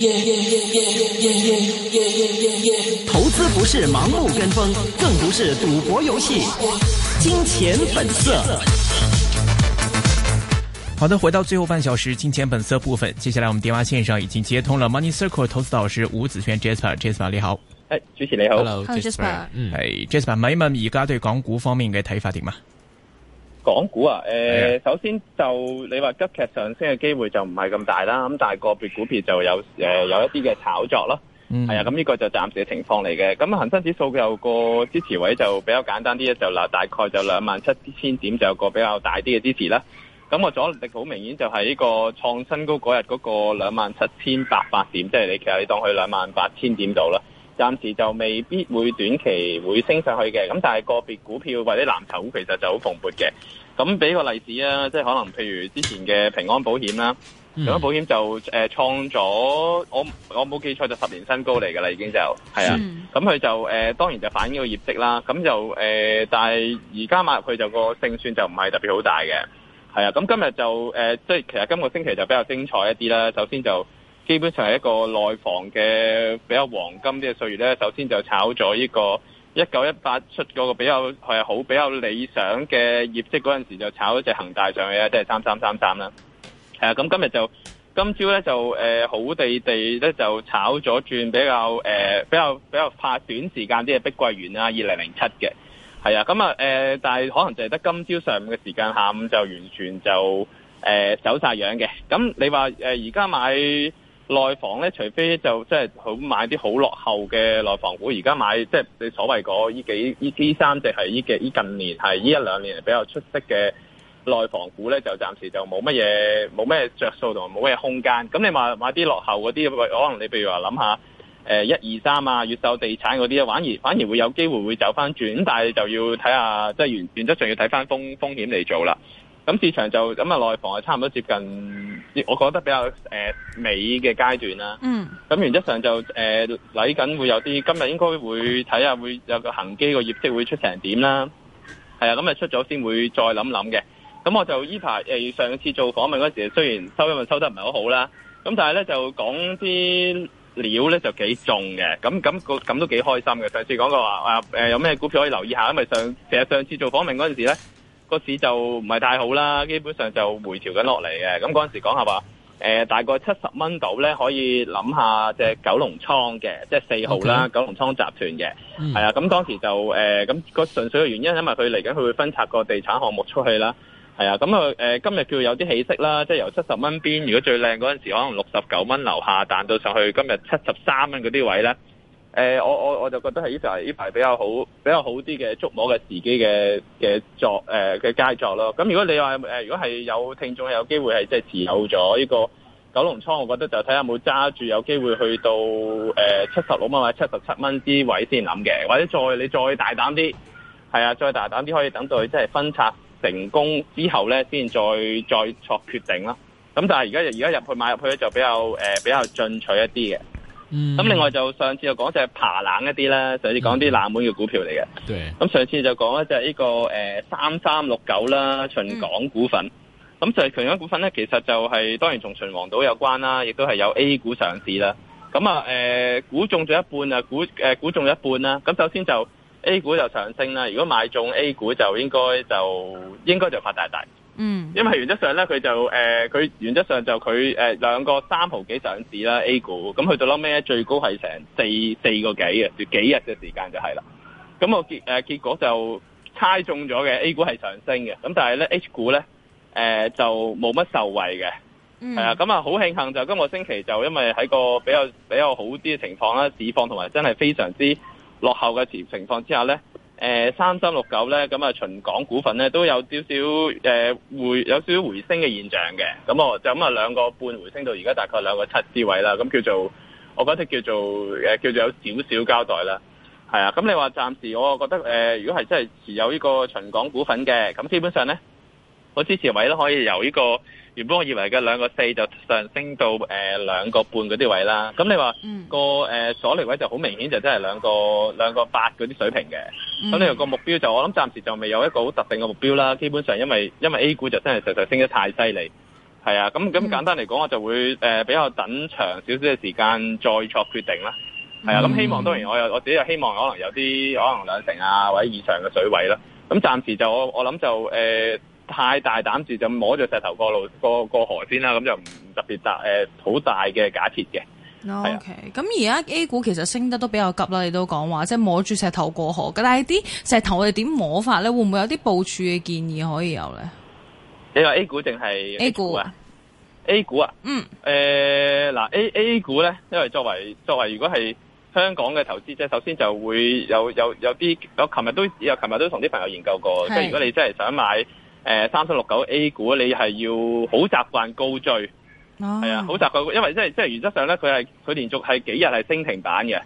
耶耶耶耶耶耶耶耶耶耶！投資不是盲目跟風，更不是賭博遊戲。金錢本色。好的，回到最後半小時金錢本色部分，接下來我們電話線上已經接通了 Money Circle 投資導師吳子軒 Jasper Jasper，你好。哎，hey，主持你好。Hello Jasper。Hey, Jasper. 嗯，哎 Jasper，May 問而家對港股方面嘅睇法點嘛？港股啊，誒、呃，的首先就你話急劇上升嘅機會就唔係咁大啦，咁但係個別股票就有誒、呃、有一啲嘅炒作咯，係啊、嗯，咁呢、這個就暫時嘅情況嚟嘅。咁恒生指數有個支持位就比較簡單啲啊，就嗱大概就兩萬七千點就有個比較大啲嘅支持啦。咁我阻力好明顯就係呢個創新高嗰日嗰個兩萬七千八百點，即係你其實你當佢兩萬八千點度啦。暫時就未必會短期會升上去嘅，咁但係個別股票或者藍籌其實就好蓬勃嘅。咁俾個例子啊，即係可能譬如之前嘅平安保險啦，平安、嗯、保險就創咗我我冇記錯就十年新高嚟㗎啦，已經就係啊。咁佢、嗯、就誒、呃、當然就反映個業績啦。咁就誒、呃，但係而家買入佢就個勝算就唔係特別好大嘅。係啊，咁今日就誒，即、呃、係其實今個星期就比較精彩一啲啦。首先就基本上係一個內房嘅比較黃金啲嘅歲月咧。首先就炒咗呢個一九一八出嗰個比較係好比較理想嘅業績嗰陣時，就炒咗隻恒大上去啦，即係三三三三啦。係啊，咁今日就今朝咧就誒好地地咧就炒咗轉比較誒、呃、比較比較怕短時間啲嘅碧桂園啊，二零零七嘅係啊。咁啊誒，但係可能就係得今朝上午嘅時間，下午就完全就誒走、呃、晒樣嘅。咁你話誒而家買？內房咧，除非就即係好買啲好落後嘅內房股，而家買即係、就是、你所謂嗰依幾依啲三隻係依幾呢近年係依一兩年比較出色嘅內房股咧，就暫時就冇乜嘢冇咩着數同埋冇咩空間。咁你買啲落後嗰啲，可能你譬如話諗下誒一二三啊、越秀地產嗰啲啊，反而反而會有機會會走翻轉，但係就要睇下即係、就是、原原則上要睇翻風風險嚟做啦。咁市場就咁啊，內房係差唔多接近，我覺得比較誒、呃、尾嘅階段啦。嗯。咁原則上就誒嚟緊會有啲，今日應該會睇下會有個恆基個業績會出成點啦。係啊，咁咪出咗先會再諗諗嘅。咁我就依排、呃、上次做訪問嗰時候，雖然收音咪收得唔係好好啦，咁但係咧就講啲料咧就幾重嘅。咁咁咁都幾開心嘅。上次講過話啊、呃呃、有咩股票可以留意下，因為上其實上次做訪問嗰陣時咧。個市就唔係太好啦，基本上就回調緊落嚟嘅。咁嗰陣時講下話，誒大概七十蚊度咧，可以諗下隻九龍倉嘅，即係四號啦，九龍倉集團嘅。係啊，咁當時就誒，咁個純粹嘅原因，因為佢嚟緊佢會分拆個地產項目出去啦。係啊，咁佢誒今日叫有啲起色啦，即係由七十蚊邊，如果最靚嗰陣時可能六十九蚊樓下，彈到上去今日七十三蚊嗰啲位咧。誒、呃、我我我就覺得係呢排呢排比較好比較好啲嘅觸摸嘅自己嘅嘅作誒嘅、呃、佳作咯。咁如果你話誒、呃，如果係有聽眾有機會係即係持有咗呢個九龍倉，我覺得就睇下有冇揸住有機會去到誒七十六蚊或者七十七蚊啲位先諗嘅，或者再你再大膽啲，係啊，再大膽啲可以等到佢即係分拆成功之後咧，先再再作決定啦。咁但係而家而家入去買入去咧就比較、呃、比較進取一啲嘅。咁、嗯、另外就上次就講隻爬冷一啲啦，上次講啲冷門嘅股票嚟嘅。咁對上次就講一隻呢、這個誒三三六九啦，秦港股份。咁就係秦港股份咧，其實就係、是、當然同秦皇島有關啦，亦都係有 A 股上市啦。咁啊誒估中咗一半啊，估誒估中一半啦。咁首先就 A 股就上升啦，如果買中 A 股就應該就應該就發大大。嗯，因為原則上咧，佢就誒，佢、呃、原則上就佢誒、呃，兩個三毫幾上市啦，A 股，咁、嗯、佢到尾咧，最高係成四四個幾嘅，就幾日嘅時間就係啦。咁、嗯、我結誒、呃、結果就猜中咗嘅，A 股係上升嘅。咁、嗯、但係咧 H 股咧，誒、呃、就冇乜受惠嘅，係、嗯、啊。咁啊好慶幸就今個星期就因為喺個比較比較好啲嘅情況啦，市況同埋真係非常之落後嘅情情況之下咧。誒、呃、三三六九咧，咁、嗯、啊，秦港股份咧都有少少誒、呃、回有少少回升嘅現象嘅，咁、嗯、我就咁啊兩個半回升到而家大概兩個七支位啦，咁、嗯、叫做我覺得叫做、呃、叫做有少少交代啦，係啊，咁、嗯、你話暫時我覺得誒、呃，如果係真係持有呢個秦港股份嘅，咁、嗯、基本上咧，我支持位都可以由呢個。原本我以為嘅兩個四就上升到誒、呃、兩個半嗰啲位置啦，咁你話、嗯、那個誒、呃、鎖倖位就好明顯就真係兩個兩個八嗰啲水平嘅，咁、嗯、你個目標就我諗暫時就未有一個好特定嘅目標啦，基本上因為因為 A 股就真係實實升得太犀利，係啊，咁咁簡單嚟講我就會誒、呃、比較等長少少嘅時間再作決定啦，係啊，咁、嗯、希望當然我又我自己又希望可能有啲可能兩成啊或者以上嘅水位啦，咁暫時就我我諗就誒。呃太大膽住就摸住石頭過路過過河先啦，咁就唔特別大誒，好、呃、大嘅假設嘅。O K，咁而家 A 股其實升得都比較急啦，你都講話即係摸住石頭過河㗎，但係啲石頭我哋點摸法咧？會唔會有啲部署嘅建議可以有咧？你話，A 股淨係 A 股啊，A 股啊，嗯，誒嗱、呃、A A 股咧，因為作為作為如果係香港嘅投資者，首先就會有有有啲，我琴日都有，琴日都同啲朋友研究過，是即係如果你真係想買。誒，三十六九 A 股，你係要好習慣高追，係、oh. 啊，好習慣，因為即係即係原則上咧，佢係佢連續係幾日係升停板嘅。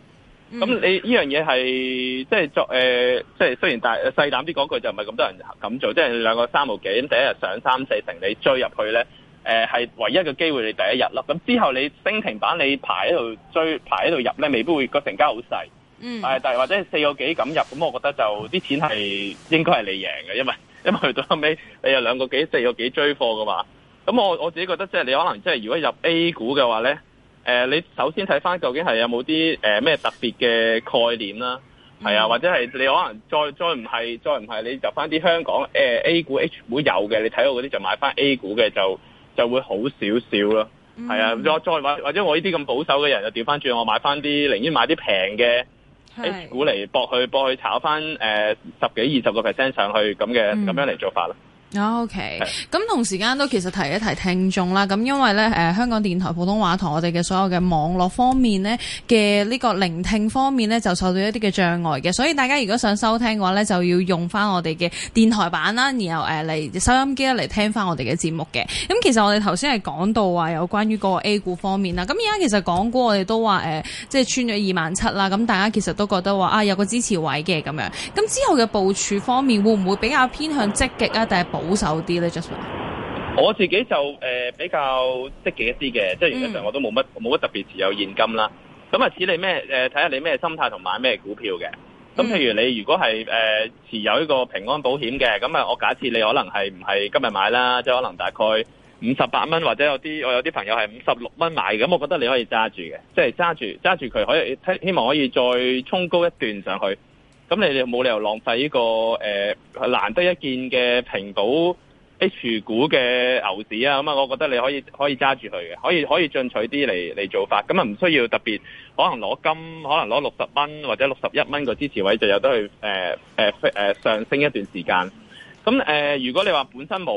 咁、mm. 你呢樣嘢係即係作誒，即、呃、係雖然大細膽啲講句就唔係咁多人咁做，即係兩個三毫幾，咁第一日上三四成，你追入去咧，誒、呃、係唯一嘅機會你第一日咯。咁之後你升停板，你排喺度追，排喺度入咧，未必會個成交好細。嗯、mm.，但係或者係四個幾咁入，咁我覺得就啲錢係應該係你贏嘅，因為。因為到後尾你有兩個幾、四個幾追貨嘅話。咁我我自己覺得即係你可能即係如果入 A 股嘅話咧，誒、呃、你首先睇翻究竟係有冇啲誒咩特別嘅概念啦，係啊，mm hmm. 或者係你可能再再唔係再唔係你入翻啲香港誒、呃、A 股 H 股有嘅，你睇我嗰啲就買翻 A 股嘅就就會好少少咯，係啊，再再或或者我呢啲咁保守嘅人就調翻轉，我買翻啲寧願買啲平嘅。喺股嚟搏去搏去炒翻誒、呃、十幾二十個 percent 上去咁嘅咁樣嚟、嗯、做法啦。OK，咁同時間都其實提一提聽眾啦。咁因為咧、呃，香港電台普通話同我哋嘅所有嘅網絡方面呢嘅呢個聆聽方面呢，就受到一啲嘅障礙嘅。所以大家如果想收聽嘅話呢，就要用翻我哋嘅電台版啦，然後誒嚟、呃、收音機嚟聽翻我哋嘅節目嘅。咁、嗯、其實我哋頭先係講到話有關於嗰個 A 股方面啦。咁而家其實港股我哋都話誒，即、呃、係、就是、穿咗二萬七啦。咁大家其實都覺得話啊，有個支持位嘅咁樣。咁之後嘅部署方面會唔會比較偏向積極啊？定係保守啲咧 Joseph 我自己就誒、呃、比較積極一啲嘅，嗯、即係原則上我都冇乜冇乜特別持有現金啦。咁啊，似、呃、你咩誒，睇下你咩心態同買咩股票嘅。咁譬如你如果係誒、呃、持有一個平安保險嘅，咁啊，我假設你可能係唔係今日買啦，即係可能大概五十八蚊或者有啲我有啲朋友係五十六蚊買。咁我覺得你可以揸住嘅，即係揸住揸住佢可以希望可以再衝高一段上去。咁你哋冇理由浪費呢個誒、呃、難得一見嘅平保 H 股嘅牛市啊！咁啊，我覺得你可以可以揸住佢嘅，可以可以，可以進取啲嚟嚟做法，咁啊，唔需要特別可能攞金，可能攞六十蚊或者六十一蚊個支持位就有得去誒、呃呃呃、上升一段時間。咁誒、呃，如果你話本身冇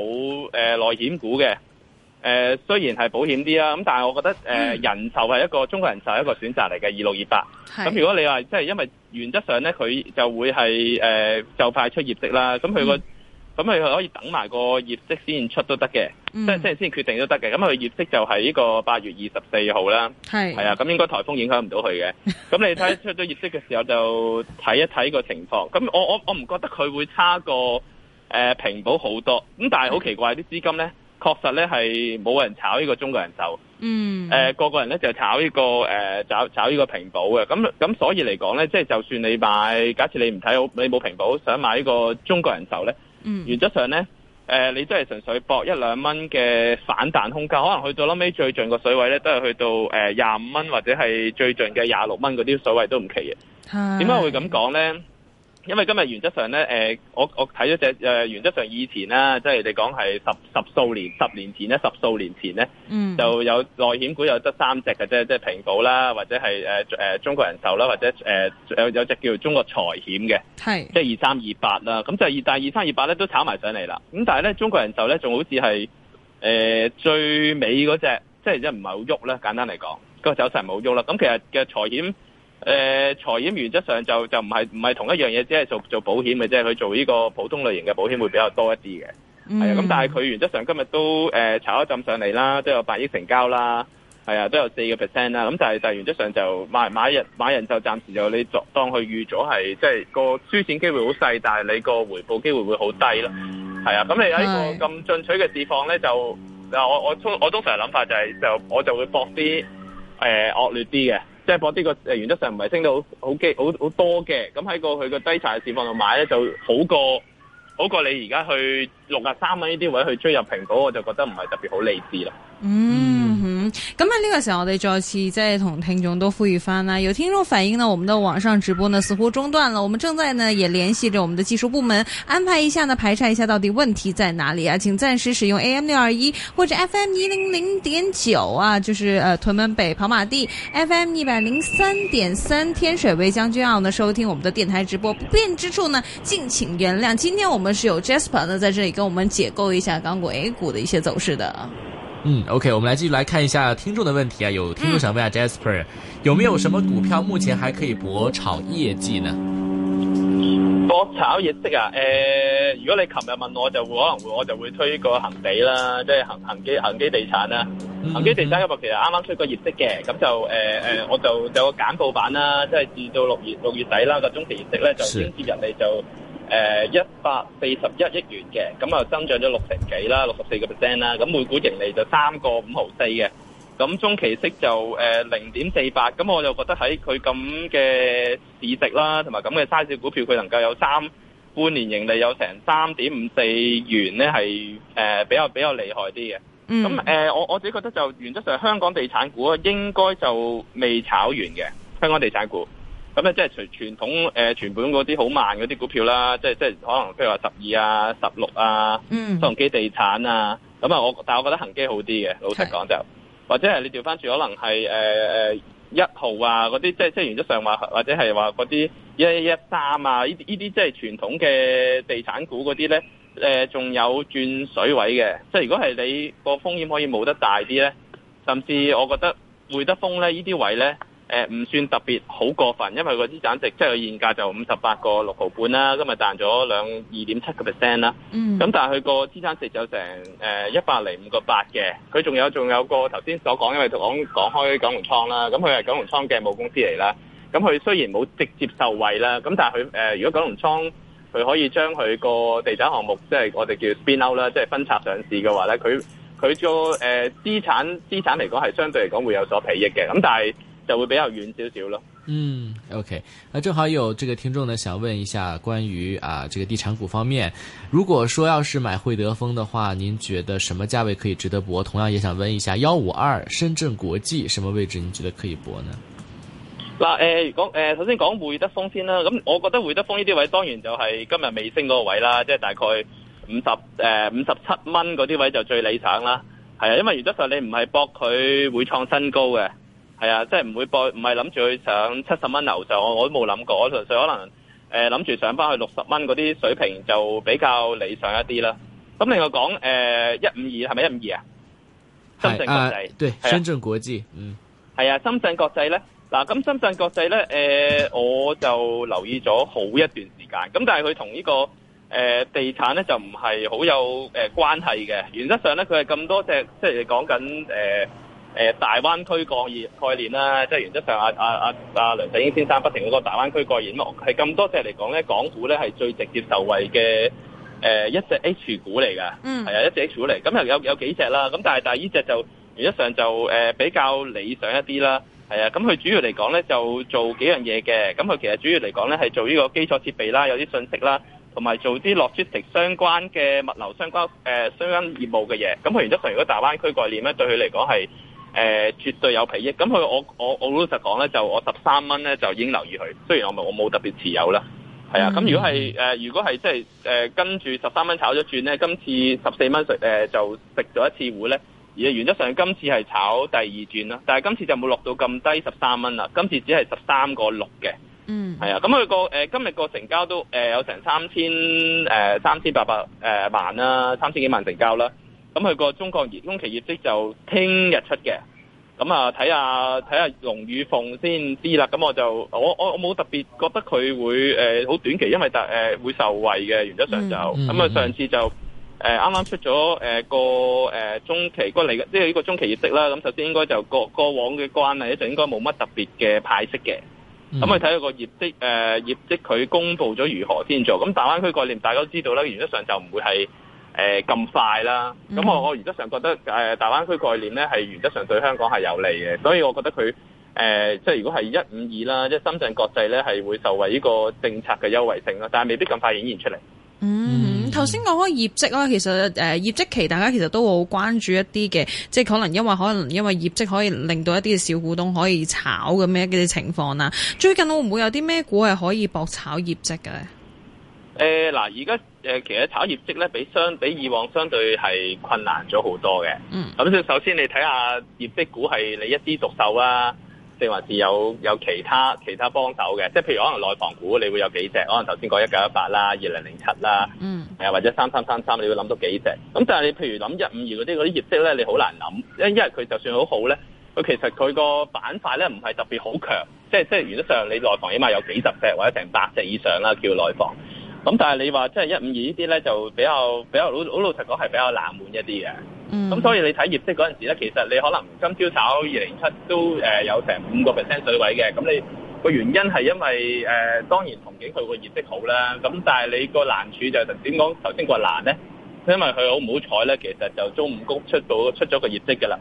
誒、呃、內險股嘅。誒、呃、雖然係保險啲啦，咁但係我覺得誒、呃嗯、人壽係一個中國人壽係一個選擇嚟嘅，二六二八。咁是如果你話即係因為原則上咧，佢就會係誒、呃、就快出業績啦。咁佢個咁佢可以等埋個業績先出都得嘅，嗯、即係即係先決定都得嘅。咁佢業績就係呢個八月二十四號啦。係係是啊，咁應該颱風影響唔到佢嘅。咁 你睇出咗業績嘅時候就睇一睇個情況。咁我我我唔覺得佢會差過誒、呃、平保好多。咁但係好奇怪啲、嗯、資金咧。確實咧係冇人炒呢個中國人壽嗯，誒、呃、個個人咧就炒呢、這個誒、呃、炒炒呢個平保嘅，咁咁所以嚟講咧，即、就、係、是、就算你買，假設你唔睇好，你冇平保，想買呢個中國人壽咧，嗯，原則上咧，誒、呃、你都係純粹搏一兩蚊嘅反彈空間，可能去到撈尾最盡個水位咧，都係去到誒廿五蚊或者係最盡嘅廿六蚊嗰啲水位都唔奇嘅，點解是會咁講咧？因為今日原則上咧，誒，我我睇咗隻誒，原則上以前啦，即係你講係十十數年、十年前咧，十數年前咧，嗯，就有內險股有得三隻嘅，即係即係平保啦，或者係誒誒中國人壽啦，或者誒、呃、有有隻叫做中國財險嘅，係是即係二三二八啦。咁就二但係二三二八咧都炒埋上嚟啦。咁但係咧中國人壽咧仲好似係誒最尾嗰隻，即係即係唔係好喐啦。簡單嚟講，個走勢冇喐啦。咁其實嘅財險。誒，財險、呃、原則上就就唔係唔係同一樣嘢，只係做做保險嘅啫，佢做呢個普通類型嘅保險會比較多一啲嘅。係啊、mm，咁、hmm. 但係佢原則上今日都誒、呃、炒一浸上嚟啦，都有八億成交啦，係啊，都有四個 percent 啦。咁就係、是、係原則上就買買人買人就暫時就你當佢預咗係，即、就、係、是、個輸錢機會好細，但係你個回報機會會好低咯。係啊，咁你喺個咁進取嘅地方咧，就我我我通常嘅諗法就係、是、就我就會搏啲誒惡劣啲嘅。即係博啲個原則上唔係升到好好基好好多嘅，咁喺個佢個低殘嘅市況度買咧就好過好過你而家去六十三蚊呢啲位去追入平保，我就覺得唔係特別好理智啦。嗯。嗯，咁啊，另外想要的周期，再同聽眾都呼籲返啦。有聽眾反映呢，我們的網上直播呢似乎中斷了。我們正在呢也聯繫着我們的技術部門，安排一下呢排查一下到底問題在哪裏啊？請暫時使用 AM 六二一或者 FM 一零零點九啊，就是呃屯門北跑馬地 FM 一百零三點三，3. 3，天水圍將軍澳呢收聽我們的電台直播，不便之處呢敬請原諒。今天我們是有 Jasper 呢在這裏跟我們解構一下港股 A 股的一些走勢的。嗯，OK，我們來繼續來看一下聽眾的問題啊，有聽眾想問下啊，Jasper，有沒有什麼股票目前還可以博炒業績呢？博炒業績啊，誒、呃，如果你琴日問我，就會可能會我就會推個恒地啦，即係恒恒基恒基地產啦，恒、嗯嗯嗯、基地產嗰個其實啱啱推個業績嘅，咁就誒誒、呃呃，我就有個簡報版啦，即係至到六月六月底啦、那個中期業績咧就是、先至入嚟就。誒一百四十一億元嘅，咁啊增長咗六成幾啦，六十四個 percent 啦，咁每股盈利就三個五毫四嘅，咁中期息就誒零點四八，咁我就覺得喺佢咁嘅市值啦，同埋咁嘅 size 股票，佢能夠有三半年盈利有成三點五四元呢，係誒、呃、比較比較厲害啲嘅。咁誒、mm. 呃，我我自己覺得就原則上香港地產股應該就未炒完嘅，香港地產股。咁咧即係除傳統誒、呃、全本嗰啲好慢嗰啲股票啦，即係即係可能譬如話十二啊、十六啊、新鴻、嗯嗯、基地產啊，咁啊我但係我覺得恆基好啲嘅，老實講就，是或者係你調翻轉可能係誒誒一號啊嗰啲，即係即原則上話，或者係話嗰啲一一三啊，呢啲呢啲即係傳統嘅地產股嗰啲咧，仲、呃、有轉水位嘅，即係如果係你個風險可以冇得大啲咧，甚至我覺得會德豐咧呢啲位咧。誒唔、呃、算特別好過分，因為佢個資產值即係佢現價就五十八個六毫半啦。今日彈咗兩二點七個 percent 啦。咁、嗯、但係佢個資產值就成誒一百零五個八嘅。佢仲有仲有個頭先所講，因為講講，講，講開九龍倉啦，咁佢係九龍倉嘅母公司嚟啦。咁、嗯、佢雖然冇直接受惠啦，咁但係佢誒，如果九龍倉佢可以將佢個地產項目即係我哋叫 spin out 啦，即係分拆上市嘅話咧，佢佢個誒資產資產嚟講係相對嚟講會有所裨益嘅。咁但係，就會比較遠少少咯。嗯，OK。那正好有這個聽眾呢，想問一下關於啊，這個地產股方面，如果說要是買會德豐的話，您覺得什麼價位可以值得博？同樣也想問一下，幺五二深圳國際什麼位置你覺得可以博呢？嗱、呃，誒、呃，講誒，首、呃、先講會德豐先啦。咁我覺得會德豐呢啲位，當然就係今日未升嗰個位啦，即、就、係、是、大概五十誒五十七蚊嗰啲位就最理想啦。係啊，因為原則上你唔係博佢會創新高嘅。係啊，即係唔會博，唔係諗住去上七十蚊樓上，我我都冇諗過。純粹可能誒諗住上翻去六十蚊嗰啲水平就比較理想一啲啦。咁另外講誒一五二係咪一五二啊？深圳國際對深圳國際，嗯，係啊，深圳國際咧，嗱，咁深圳國際咧誒，我就留意咗好一段時間，咁但係佢同呢個誒地產咧就唔係好有誒關係嘅。原則上咧，佢係咁多隻，即係你講緊誒。誒、呃、大灣區概念概念啦，即係原則上阿阿阿阿梁振英先生不停嗰個大灣區概念咯，係咁多隻嚟講咧，港股咧係最直接受惠嘅誒、呃、一隻 H 股嚟㗎，係啊、嗯、一隻 H 股嚟，咁又有有幾隻啦，咁但係但係呢隻就原則上就誒、呃、比較理想一啲啦，係啊，咁佢主要嚟講咧就做幾樣嘢嘅，咁佢其實主要嚟講咧係做呢個基礎設備啦，有啲信息啦，同埋做啲落 transport 相關嘅物流相關誒、呃、相關業務嘅嘢，咁佢原則上如果大灣區概念咧對佢嚟講係，誒、呃、絕對有裨益，咁佢我我我老實講咧，就我十三蚊咧就已經留意佢，雖然我咪我冇特別持有啦，係啊，咁如果係誒、呃、如果係即係誒跟住十三蚊炒咗轉咧，今次十四蚊食誒就食咗一次糊咧，而原則上今次係炒第二轉啦，但係今次就冇落到咁低十三蚊啦，今次只係十三個六嘅，嗯，係啊，咁佢個、呃、今日個成交都有成三千誒、呃、三千八百誒、呃、萬啦、啊，三千幾萬成交啦。咁佢個中國業中期業績就聽日出嘅，咁啊睇下睇下龍與鳳先知啦。咁我就我我我冇特別覺得佢會好、呃、短期，因為、呃、會受惠嘅原則上就咁啊。Mm hmm. 上次就啱啱、呃、出咗個、呃、中期嚟嘅、呃，即係呢個中期業績啦。咁首先應該就過過往嘅關係咧，就應該冇乜特別嘅派息嘅。咁佢睇個業績誒業績，佢、呃、公布咗如何先做。咁大灣區概念大家都知道啦，原則上就唔會係。誒咁、呃、快啦，咁我我原則上覺得誒大灣區概念咧係原則上對香港係有利嘅，所以我覺得佢誒、呃、即係如果係一五二啦，即係深圳國際咧係會受惠呢個政策嘅優惠性咯，但係未必咁快演現出嚟。嗯，頭先講開業績啦，其實誒、呃、業績期大家其實都會好關注一啲嘅，即係可能因為可能因為業績可以令到一啲小股東可以炒咁樣嘅情況啦。最近會唔會有啲咩股係可以博炒業績嘅？誒嗱，而家誒其實炒業績咧，比相比以往相對係困難咗好多嘅。嗯，咁即首先你睇下業績股係你一枝獨秀啊，定還是有有其他其他幫手嘅？即係譬如可能內房股，你會有幾隻？可能頭先講一九一八啦，二零零七啦，嗯，係啊，或者三三三三，你會諗到幾隻？咁但係你譬如諗一五二嗰啲啲業績咧，你好難諗，因因為佢就算好好咧，佢其實佢個板塊咧唔係特別好強，即係即係原則上你內房起碼有幾十隻或者成百隻以上啦，叫內房。咁但係你話即係一五二呢啲咧，就比較比較老老老實講係比較冷門一啲嘅。咁所以你睇業績嗰陣時咧，其實你可能今朝炒二零七都誒有成五個 percent 水位嘅。咁你個原因係因為誒當然憧憬佢個業績好啦。咁但係你個難處就係點講頭先個難咧？因為佢好唔好彩咧，其實就中午公出到出咗個業績㗎喇。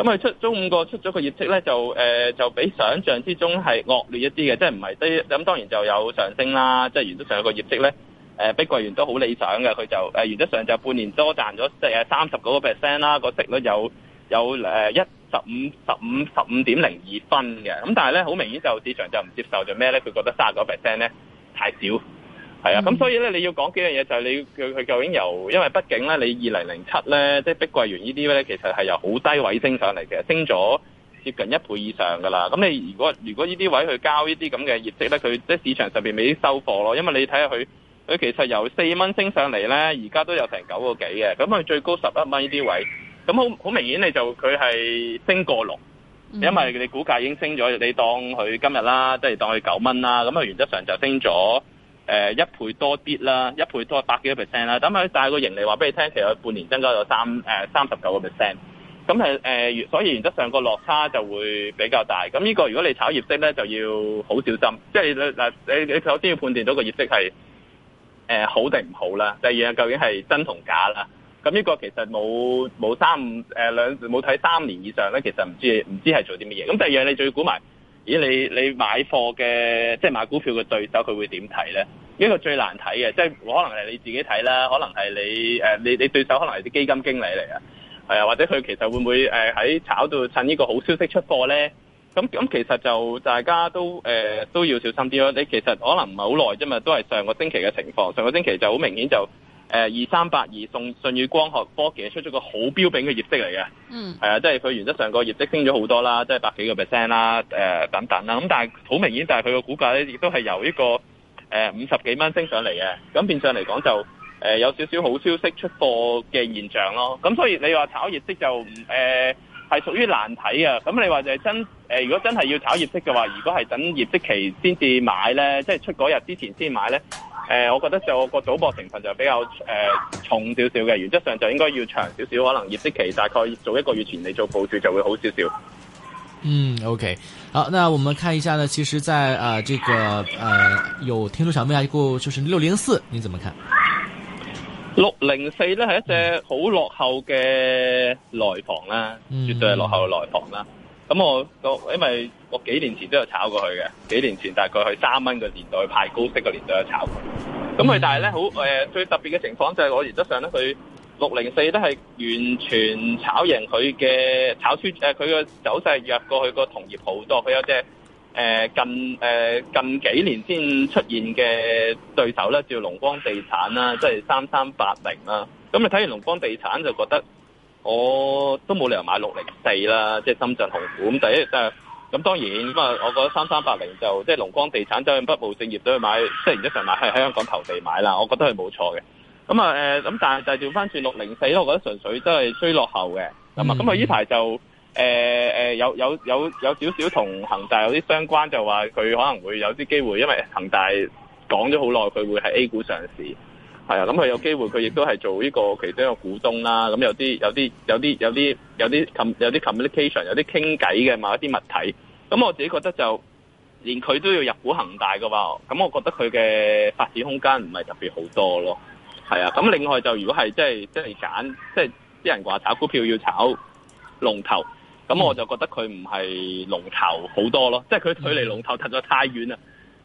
咁佢出中午個出咗個業績咧，就誒、呃、就比想象之中係惡劣一啲嘅，即係唔係低。咁當然就有上升啦，即係原則上個業績咧，誒、呃、碧桂園都好理想嘅，佢就誒、呃、原則上就半年多賺咗誒三十個 percent 啦，個息率有有誒一十五十五十五點零二分嘅。咁但係咧，好明顯就市場就唔接受，就咩咧？佢覺得卅九 percent 咧太少。係啊，咁所以咧，你要講幾樣嘢就係你佢佢究竟由，因為畢竟咧，你二零零七咧，即係碧桂園呢啲咧，其實係由好低位升上嚟嘅，升咗接近一倍以上㗎喇。咁你如果如果呢啲位去交呢啲咁嘅業績咧，佢即係市場上面未收貨咯。因為你睇下佢佢其實由四蚊升上嚟咧，而家都有成九個幾嘅，咁佢最高十一蚊呢啲位，咁好好明顯你就佢係升過龍、嗯，因為你股價已經升咗，你當佢今日啦，即、就、係、是、當佢九蚊啦，咁啊原則上就升咗。誒、呃、一倍多啲啦，一倍多百幾個 percent 啦。咁佢但係個盈利話俾你聽，其實佢半年增加有三誒三十九個 percent。咁、呃、係、呃、所以原則上個落差就會比較大。咁呢個如果你炒業績咧，就要好小心。即係嗱，你你，你首先要判斷到個業績係誒好定唔好啦。第二樣，究竟係真同假啦。咁呢個其實冇冇三誒兩冇睇三年以上咧，其實唔知唔知係做啲乜嘢。咁第二樣，你仲要估埋，咦你你買貨嘅即係買股票嘅對手佢會點睇咧？呢個最難睇嘅，即係可能係你自己睇啦，可能係你誒你你對手可能係啲基金經理嚟嘅，係啊，或者佢其實會唔會誒喺炒到趁呢個好消息出貨咧？咁咁其實就大家都誒、呃、都要小心啲咯。你其實可能唔係好耐啫嘛，都係上個星期嘅情況。上個星期就好明顯就誒二三八二舜宇光學科技出咗個好標炳嘅業績嚟嘅，嗯，係啊，即係佢原則上個業績升咗好多啦，即係百幾個 percent 啦，誒、呃、等等啦。咁但係好明顯，但係佢個股價咧亦都係由一個誒五十幾蚊升上嚟嘅，咁變相嚟講就誒、呃、有少少好消息出貨嘅現象咯。咁所以你話炒業績就唔係、呃、屬於難睇嘅。咁你話就係真誒、呃，如果真係要炒業績嘅話，如果係等業績期先至買呢，即係出嗰日之前先買呢，誒、呃，我覺得就個賭博成分就比較誒、呃、重少少嘅。原則上就應該要長少少，可能業績期大概做一個月前你做部署就會好少少。嗯，OK，好，那我們看一下呢，其實在，在、呃、啊，這個，呃，有聽眾想問下一個就是六零四，你怎麼看？六零四呢係一隻好落後嘅內房啦，絕對係落後嘅內房啦。咁、嗯、我，因為我幾年前都有炒過佢嘅，幾年前大概去三蚊嘅年代派高息嘅年代去炒佢，咁佢，但係呢，好，誒、呃，最特別嘅情況就係我原則上呢，佢。六零四都係完全炒贏佢嘅，炒出誒，佢嘅走勢弱過佢個同業好多。佢有隻誒、呃、近誒、呃、近幾年先出現嘅對手啦，叫龍光地產啦，即係三三八零啦。咁你睇完龍光地產就覺得，我都冇理由買六零四啦，即、就、係、是、深圳控股。咁第一就咁當然咁啊，我覺得三三八零就即係龍光地產都係不務正業，都去買，即係唔一常買係喺香港投地買啦。我覺得係冇錯嘅。咁啊，咁、嗯嗯、但係就調翻轉六零四囉，我覺得純粹都係追落後嘅。咁啊、mm，咁、hmm. 啊、嗯，呢排就誒有有有有少少同恒大有啲相關，就話佢可能會有啲機會，因為恒大講咗好耐，佢會喺 A 股上市，係啊。咁、嗯、佢有機會，佢亦都係做呢個其中一個股東啦。咁、嗯、有啲有啲有啲有啲有啲有啲 communication，有啲傾偈嘅某一啲物體。咁、嗯、我自己覺得就連佢都要入股恒大嘅話，咁、嗯、我覺得佢嘅發展空間唔係特別好多咯。係啊，咁、嗯、另外就如果係即係即係揀，即係啲人話炒股票要炒龍頭，咁我就覺得佢唔係龍頭好多咯，即係佢距離龍頭實在太遠啦。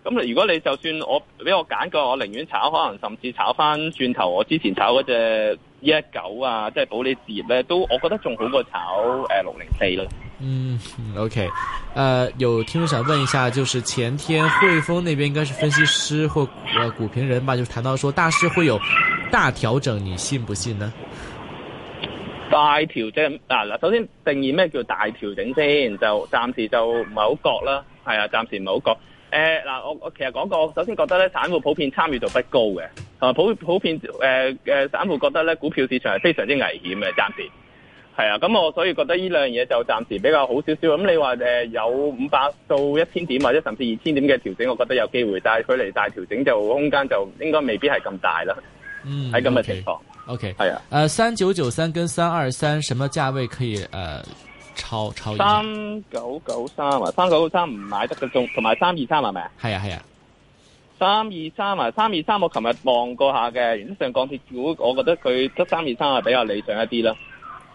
咁、嗯、如果你就算我俾我揀嘅，我寧願炒可能甚至炒翻轉頭我之前炒嗰隻一九啊，即係保利置業咧，都我覺得仲好過炒誒六零四啦。呃、嗯，OK，誒、呃、有聽眾想問一下，就是前天匯豐嗰邊應該是分析師或股、啊、評人吧，就是談到說大市會有大調整，你信不信呢？大調整嗱嗱，首先定義咩叫大調整先？就暫時就唔係好覺啦，係啊，暫時唔係好覺。誒、欸、嗱，我我其實講過首先覺得咧，散戶普遍參與度不高嘅，同埋普普遍誒誒、呃，散戶覺得咧，股票市場係非常之危險嘅，暫時係啊。咁我所以覺得呢兩樣嘢就暫時比較好少少。咁、嗯、你話誒有五百到一千點或者甚至二千點嘅調整，我覺得有機會，但係距離大調整就空間就應該未必係咁大啦。嗯，喺咁嘅情況，OK，係啊，誒，三九九三跟三二三，什麼價位可以誒超超？三九九三啊，三九九三唔買得嘅，仲同埋三二三係咪啊？係啊係啊，三二三啊，三二三我琴日望過一下嘅，以上鋼鐵股，我覺得佢得三二三係比較理想一啲啦。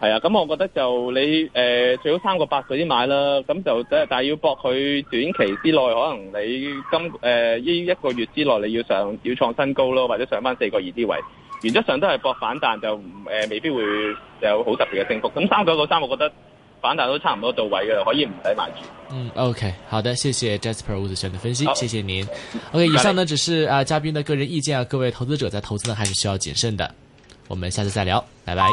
係啊，咁我覺得就你誒、呃，最好三個八歲先買啦。咁就但係要搏佢短期之內，可能你今誒、呃、一個月之內你要上要創新高咯，或者上翻四個二之位，原則上都係搏反彈就誒、呃，未必會有好特別嘅升幅。咁三九九三，我覺得反彈都差唔多到位嘅，啦，可以唔使買住。嗯，OK，好的，謝謝 Jasper 吳子軒嘅分析，好謝謝您。OK，以上呢只是啊、呃、嘉賓嘅個人意見啊，各位投資者在投資呢還是需要謹慎的。我們下次再聊，拜拜。